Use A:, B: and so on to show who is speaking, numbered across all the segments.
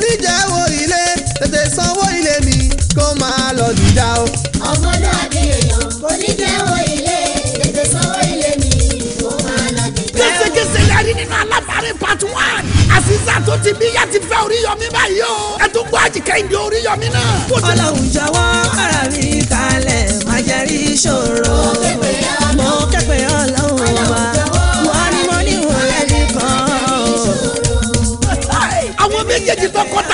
A: oníjẹ́wọ́ ilé tètè sanwó ilé mi kó máa lọ dìda o.
B: ọmọlúwàbí èèyàn oníjẹ́wọ́ ilé tètè sanwó ilé mi kó máa lọ dìda o.
C: gẹ́sẹ̀gẹ́sẹ̀ la rí nínú alábàárẹ̀ part one àṣìṣà tó ti bí yá ti fẹ́ oríyọmí báyìí o ẹ tó gbọ́ àjìkẹ́yìndé oríyọmí náà. ọlọ́run jọ̀wọ́ ọ̀rọ̀ mi kalẹ̀ májẹ̀rí ìṣòro. ó képe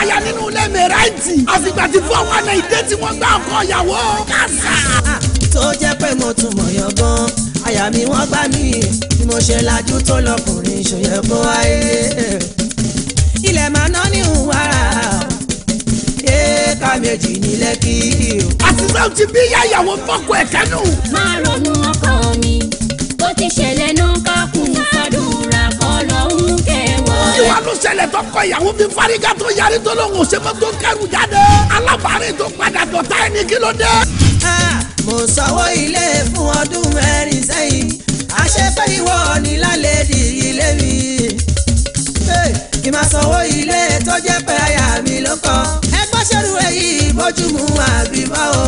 C: aya nínú ilé mẹ́ráìtì àsìgbà tí fún àwọn àna ìdé tí wọ́n gbá ọkọ ìyàwó
A: tó jẹ́ pé mo tún mọ̀ yàn gan àyà mi wọ́n gbá mi bí mo ṣe lajú tó lọkùnrin ṣòyẹ kó ayé
C: ilẹ̀ máa ná ní ìhùwàrà ká méjì ní lẹ́kì. àtúntò ti bí yàyàwó fọ́kọ ẹ̀ kánú. máa ronú ọkọ mi
D: bó ti ṣẹlẹ̀ náà ká kún ọlọ́run kẹwọ́. kí wàá
C: ló ṣẹlẹ̀ tó kọ ìyàwó bí kẹrù jáde alábàárẹ̀ tó padà dọ̀tá ẹni kí dé.
A: mo sanwó ilé fún ọdún mẹ́rin sẹ́yìn àṣẹfẹ́ ìwọ ni lálẹ́dì ilé mi kì máa sanwó ilé tó jẹ́ pé aya mi ló kọ́ ẹ gbọ́ ṣerú èyí bójúmu àbí báwo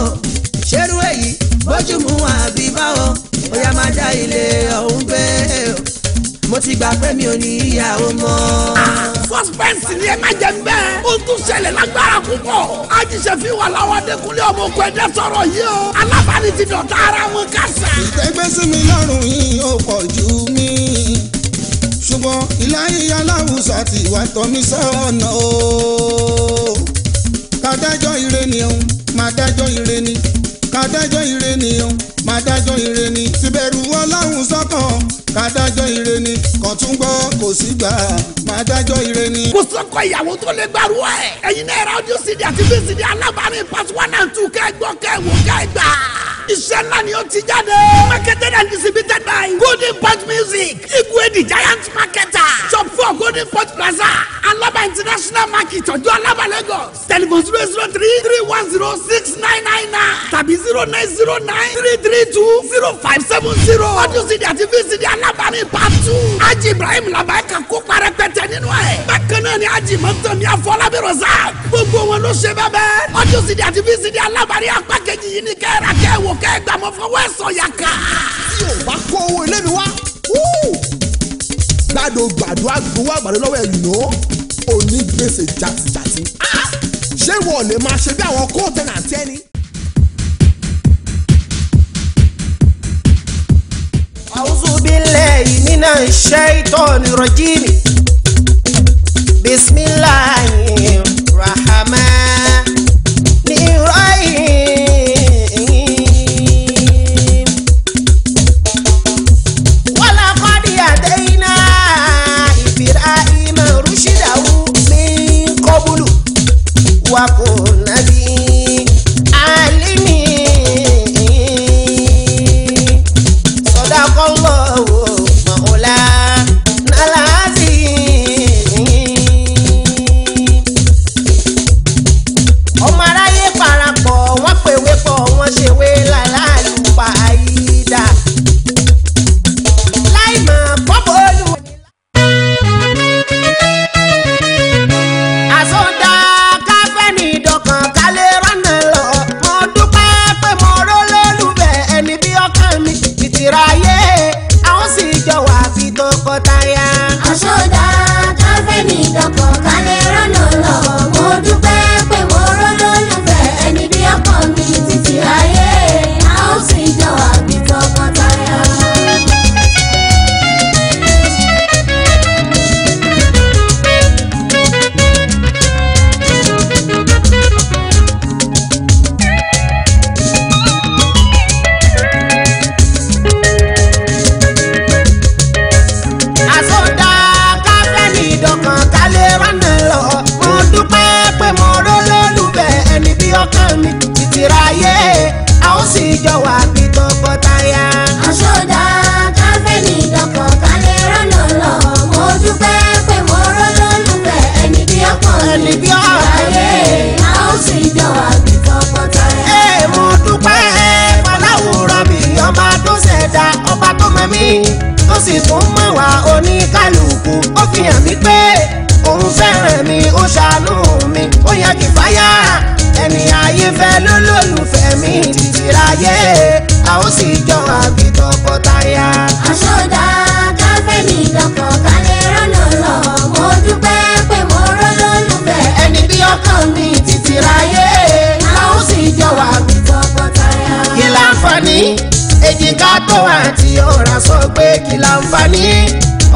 A: ṣerú èyí bójúmu àbí báwo ó yá máa já ilé
C: ọ̀hún gbé mo ti gbà pé mi ò ní ìyàwó mọ́. Ah, suspense ni ẹ má jẹ bẹ́ẹ̀. ó tún ṣẹlẹ̀ lágbára púpọ̀. ajíṣẹ́ fi wà láwọn adékúnlé ọmọ ogun ẹ̀dẹ́ sọ̀rọ̀ yìí o. alábàání ti dọ̀tá ara wọn kásá. ìtẹ́gbẹ́sí mi lọ́rùn yìí ó pọ̀ jù mí. ṣùgbọ́n ìláyé aláwùsọ ti wà tọ́
A: mi o. kàdájọ́ ire ni òun màdájọ́ ire kàdájọ́ ire ni o máa dájọ́ ire ni síbẹ̀rù ọlọ́run
C: sọ́kàn kàdájọ́ ire ni kàn tún gbọ́ kò sí gbà máa dájọ́ ire ni. kò sọ́kọ ìyàwó tó lè gbàrú ẹ̀ ẹ̀yin náà ra audio CD àti fíìsì ní part one and two kẹ́gbọ́ kẹ́wò kẹ́gbà. Iṣẹ́ ńlá ni ó ti jáde. Marketed and distributed by Golden Pot Music, Igwe the Giant Marketer, Shop 4 Golden Pot Plaza, Alaba International Market, Ọjọ́ Alaba Lagos. Telephone zero zero three three one zero six nine nine nine tàbí zero nine zero nine three three two zero five seven zero. Ọdún sídi àti VCD Alaba ní part two. Aji Ibrahim Labaika kópa rẹpẹtẹ nínú ẹ̀. Bákan náà ni Aji Mọ́tọ́mi Afọlábí Rọ̀zá. Gbogbo wọn ló ṣe bẹ́ẹ̀ bẹ́ẹ̀. Ọdún sídi àti VCD Alaba ní apá kejì yìí ní kẹ́ẹ̀rà kẹ́ẹ̀wò kẹ́ ẹ gbà mọ́ fọwọ́ ẹ̀ sọ̀yà ká. tí o bá kó owó ilé mi wá gbàdo gbàdo agbowó àgbàdo lọ́wọ́ ẹ̀ lò ó òní gbèsè jàtìjàtì. Ah! ṣé wọ́n lè máa ṣe bí àwọn kóòtù náà tẹ́ ni.
A: أعوذ بالله من الشيطان الرجيم بسم الله mi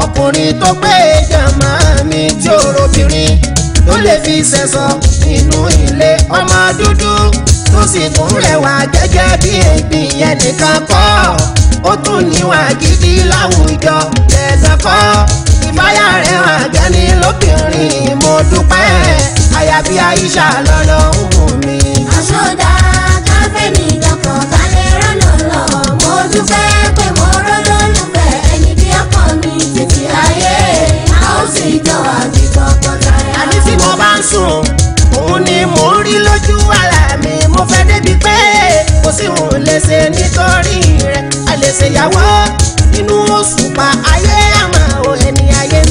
A: ọkùnrin tó pé jàmá mi tí ó robìnrin tó lè fi sẹ̀sọ nínú ilé ọmọ dúdú tó sì tún rẹwà gẹ́gẹ́ bí ìgbín yẹn nìkan kọ́ ó tún níwà gidi láwùjọ lẹ́sẹ̀ kọ́ ìfáyà rẹ̀ wà gẹ́ni lóbìnrin mo dúpẹ́ àyàfi Aisha lọ́lọ́ òun mi. àṣọdá. sùn òun ni mò ń rí lójú ara mi mo fẹ́ débi pé kò sí òun lè ṣe nítorí rẹ̀ àlèṣèyàwó inú òṣùpá ayé àmọ́ ẹni ayé.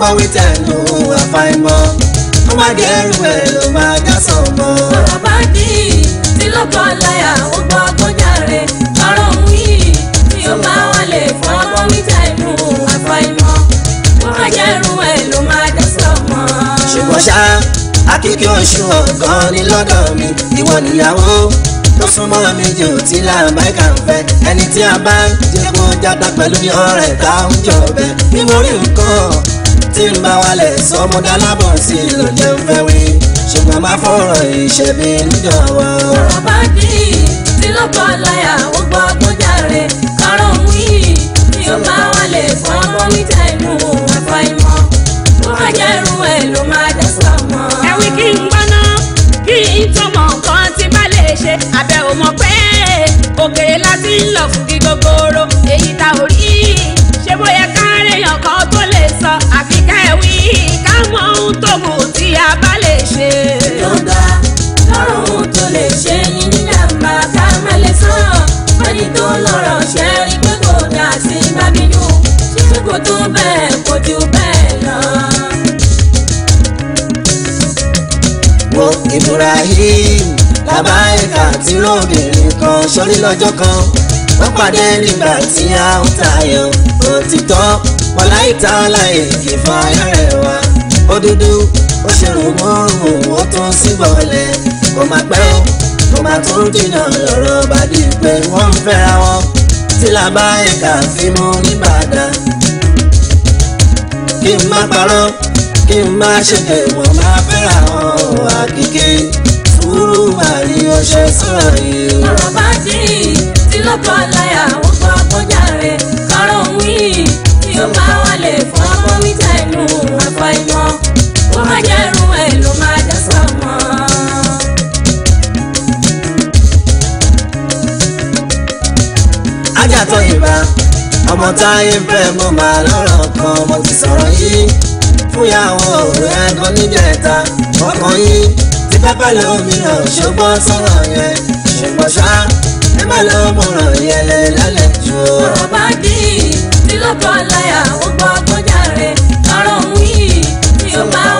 A: báwí tẹ̀lú àfàìmọ̀ ó má di ẹrù ẹ̀ ló máa dá sọ̀mọ́. ọ̀rọ̀ bá dì í tí ló bọ́ láyà ó gbọ́ kọjáre
D: ọ̀rọ̀ òun yìí tí ó bá wà lè fọ́ báwí tẹ̀lú àfàìmọ̀ ó má di ẹrù ẹ̀ ló máa dá sọ̀mọ́.
A: ṣùgbọ́n ṣá akíkí oṣù ọ̀gán ni lọ́dọ̀ mi ìwọ nìyàwó tó súnmọ́ mi jù tí làbáìkà ń fẹ́ ẹni tí a bá jẹ́ kó jáde pẹ̀lú ọ̀rẹ́ tá ń jọ bẹ́ẹ̀ bí mo rí nǹkan tí n bá wálé sọmúdà lábọ̀ sí i ló jẹ́ ń fẹ́ wí ṣùgbọ́n má fọ̀rọ̀ ìṣe bí níjọ wọn. ọ̀rọ̀
D: bá dì í tí láyà ó gbọ́ gbójáre kárọ̀ mú yìí ni ó bá wálé fún ọmọ níta inú ẹ̀fọ́ ìmọ̀ ó má jẹ́ irú ẹ̀ ló má dẹ́ sọmọ. ẹ̀wí kí n gbọ́ná kí n tọmọ nǹkan tí bá lè ṣe àbẹ̀ ò mọ̀ pé òkèèrè láti ń lọ fún kí gogoro èyí ta ò rí ṣé bóyá káàrèèyàn kan tó lè sọ àfi wí ká mọ ohun tó kù tí a bá lè ṣe. yọ̀ǹda lọ́rùn ohun tó lè ṣe ní nílẹ̀ mbà ká má lè sàn ẹni tó lọ́rọ̀ ṣe rí pé kò dá sí má bínú ṣé kò tó bẹ́ẹ̀ kò
A: jù bẹ́ẹ̀ lọ. wo Ibrahim lábàáyé kàtí lóbìnrin kan sórí lọ́jọ́ kan wọ́n pàdé nígbà tí a ń tayọ òtítọ́ wàlá ìta láyè fífa ẹ̀rẹ̀ wa òdodo ó ṣèrò mọ́rùn ó tó síbọ̀lẹ̀ kó má pẹ́ o kó má tó jìnnà lọ́rọ̀ bá di pé wọ́n ń fẹ́ra wọn tí làbá ẹ̀ka fi mú nìbàdàn kí n má parọ́ kí n má ṣe pé wọ́n máa fẹ́ra wọn àkíkí sùúrù màrí ó ṣe sọ̀rọ̀ yìí. táyé fẹ́ mo máa lọ́rọ̀ kan mo ti sọ̀rọ̀ yìí fúyàwó ọ̀rẹ́ kan níjẹta ọkàn yìí ti pẹ́pẹ́ lómi lọ ṣùgbọ́n sọ̀rọ̀ yẹn ṣùgbọ́n ṣá ẹ má lọ mọ̀ràn
B: yẹn lé lálẹ́ jù ọ̀rọ̀
A: bá dì í tí lọ́kọ̀ láyà ó gbọ́ kọjá rẹ̀
D: ọ̀rọ̀ òun yìí ni ó bá wà.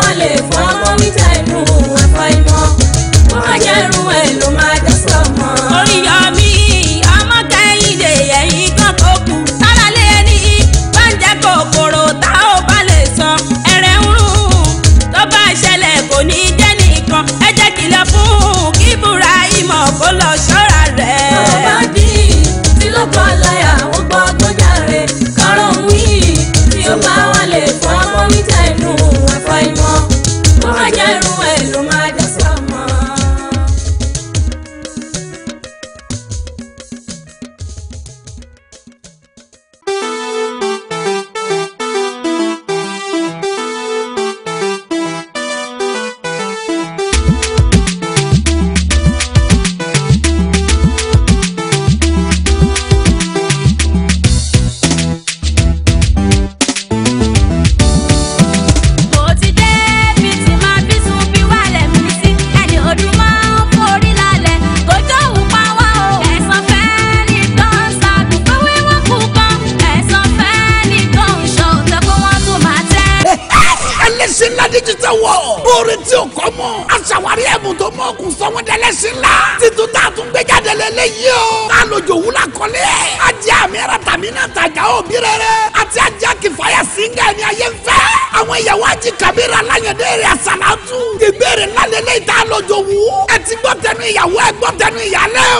C: ọ̀tẹ̀ ní ìyálẹ̀ o.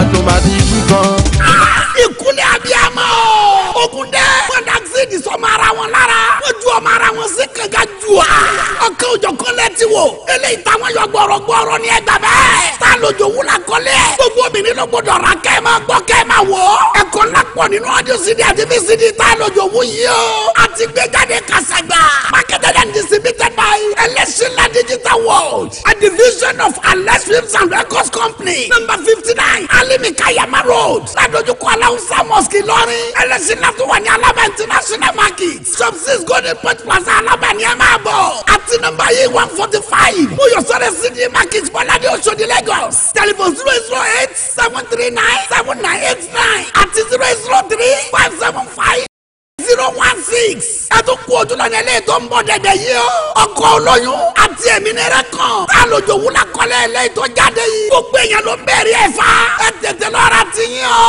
C: àtòmàdì ikú kan. ìkúlẹ̀ abiyamọ ogun dẹ kọndakisidi sọmọ ara wọn lára wọn ju ọmọ ara wọn sí kankan ju wa. ọkàn òjò kọlẹ ti wo eléyìí táwọn yọ gbọrọ gbọrọ ní ẹgbẹ bẹ́ẹ̀. tá lójó wula kọlẹ. gbogbo obìnrin ló gbọ́dọ̀ ra kẹ́ ẹ máa gbọ́ kẹ́ ẹ máa wọ̀. ẹ̀kọ́ ńlá pọ̀ nínú ọdún sídi àti bí sídi tá lójó wú yìí o. a ti gbé jáde kásẹ̀ gbà. mákẹ́tẹ̀lẹ̀ ń disi Alesina Digital World, a division of Alex Films and Records Company, number fifty nine, Alimikayama Road, Ladojukọ Alausa Mosque Ìlọrin, Alesina tó wà ní Alaba International Market, Shop six Golden Point Plaza Alaba ní ẹ máa bọ̀, àti nọmba yìí one forty five, Muyosore Sidi Market Bọ́ládé Oṣodi Lagos, telephone zero zero eight seven three nine seven nine eight nine àti zero zero three five seven five zero one six. ẹ tún kú ojú lọ́nà ilé tó ń bọ̀ dẹ̀dẹ̀ yìí o. ọkọ olóyún àti ẹ̀mí nẹ́rẹ́ kan. alòjò wúlà kọ́lẹ́ ilé ìtọ́jáde yìí. gbogbo èèyàn ló bẹ̀rẹ̀ ẹ̀fà. ẹ tètè lọ́ra tiyín o.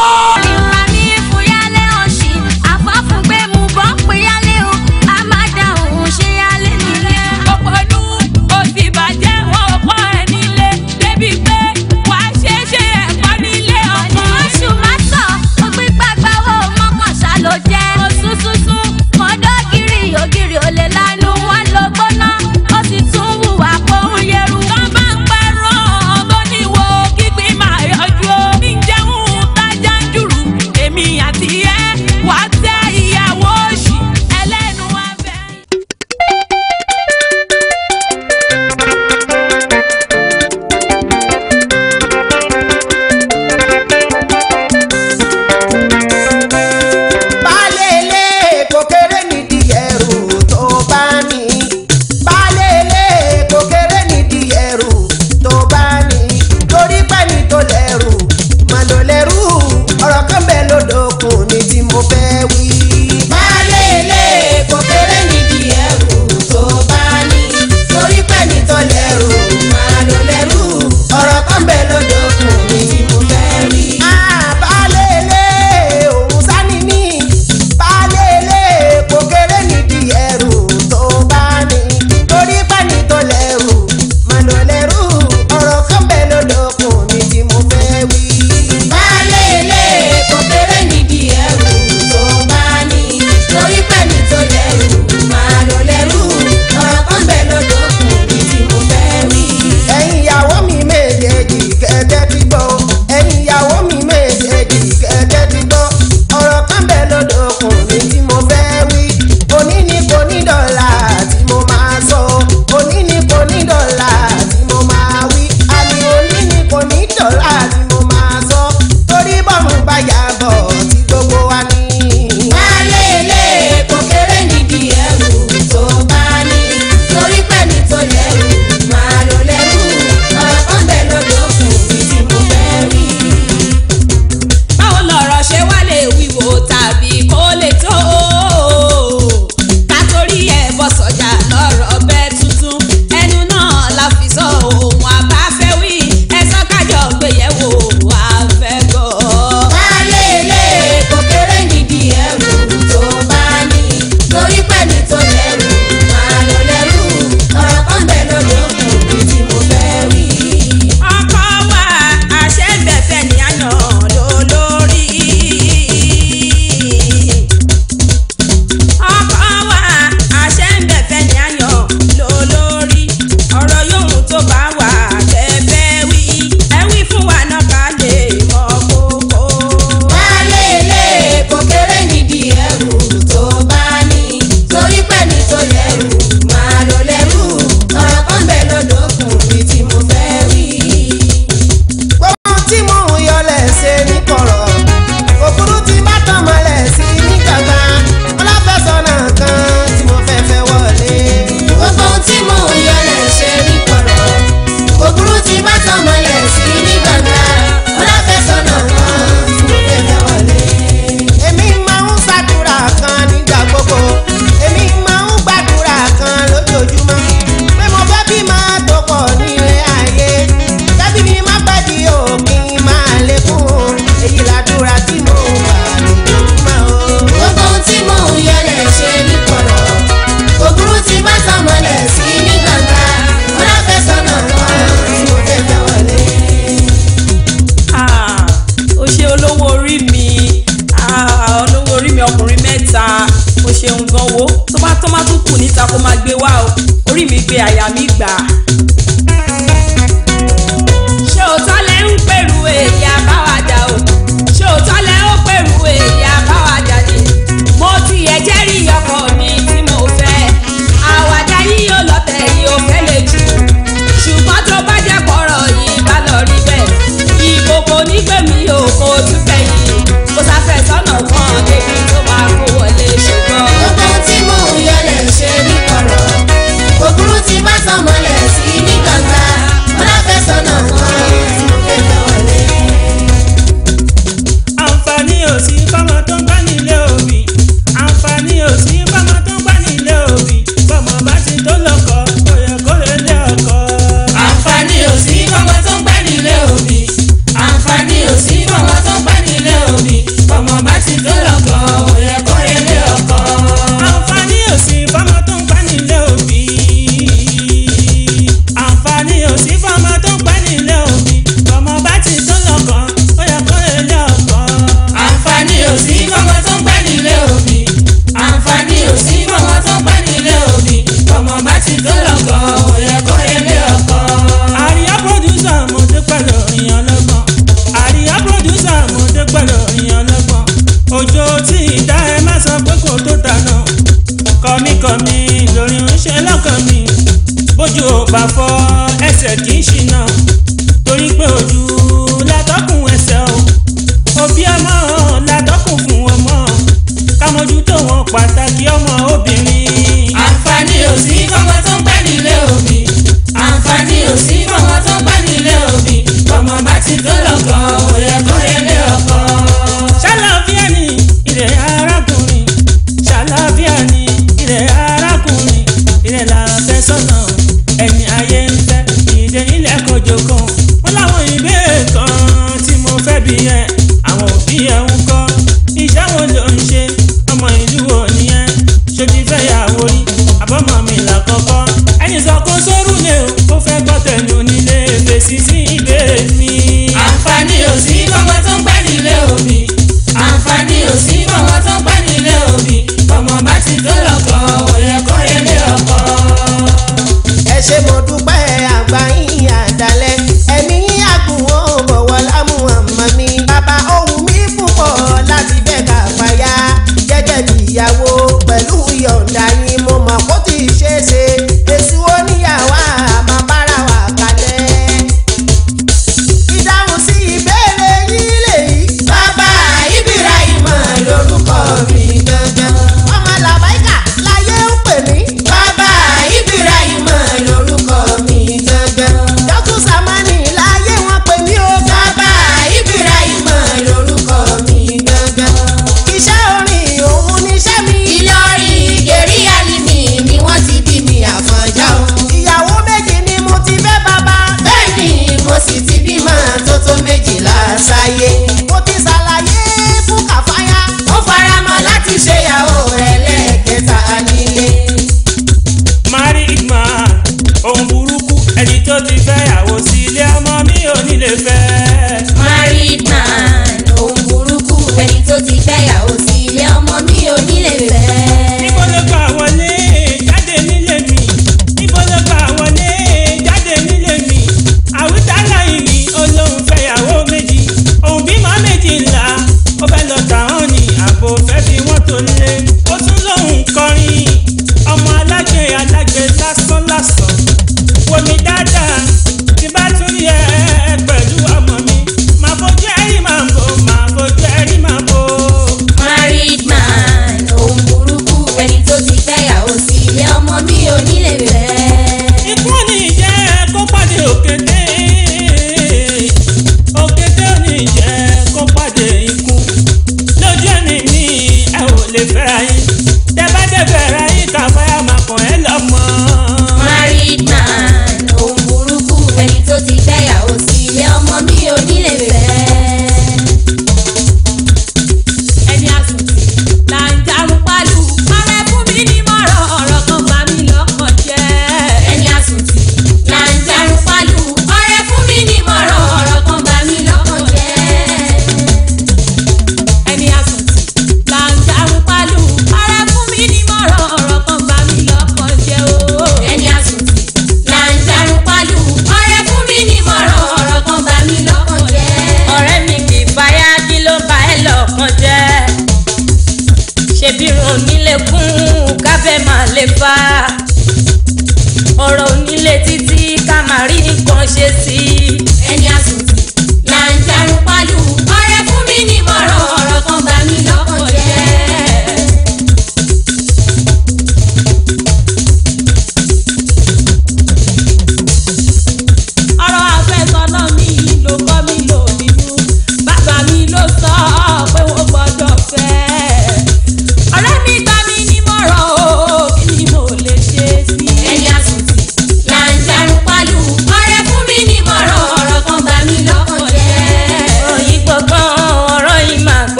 E: yo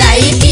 A: मलाई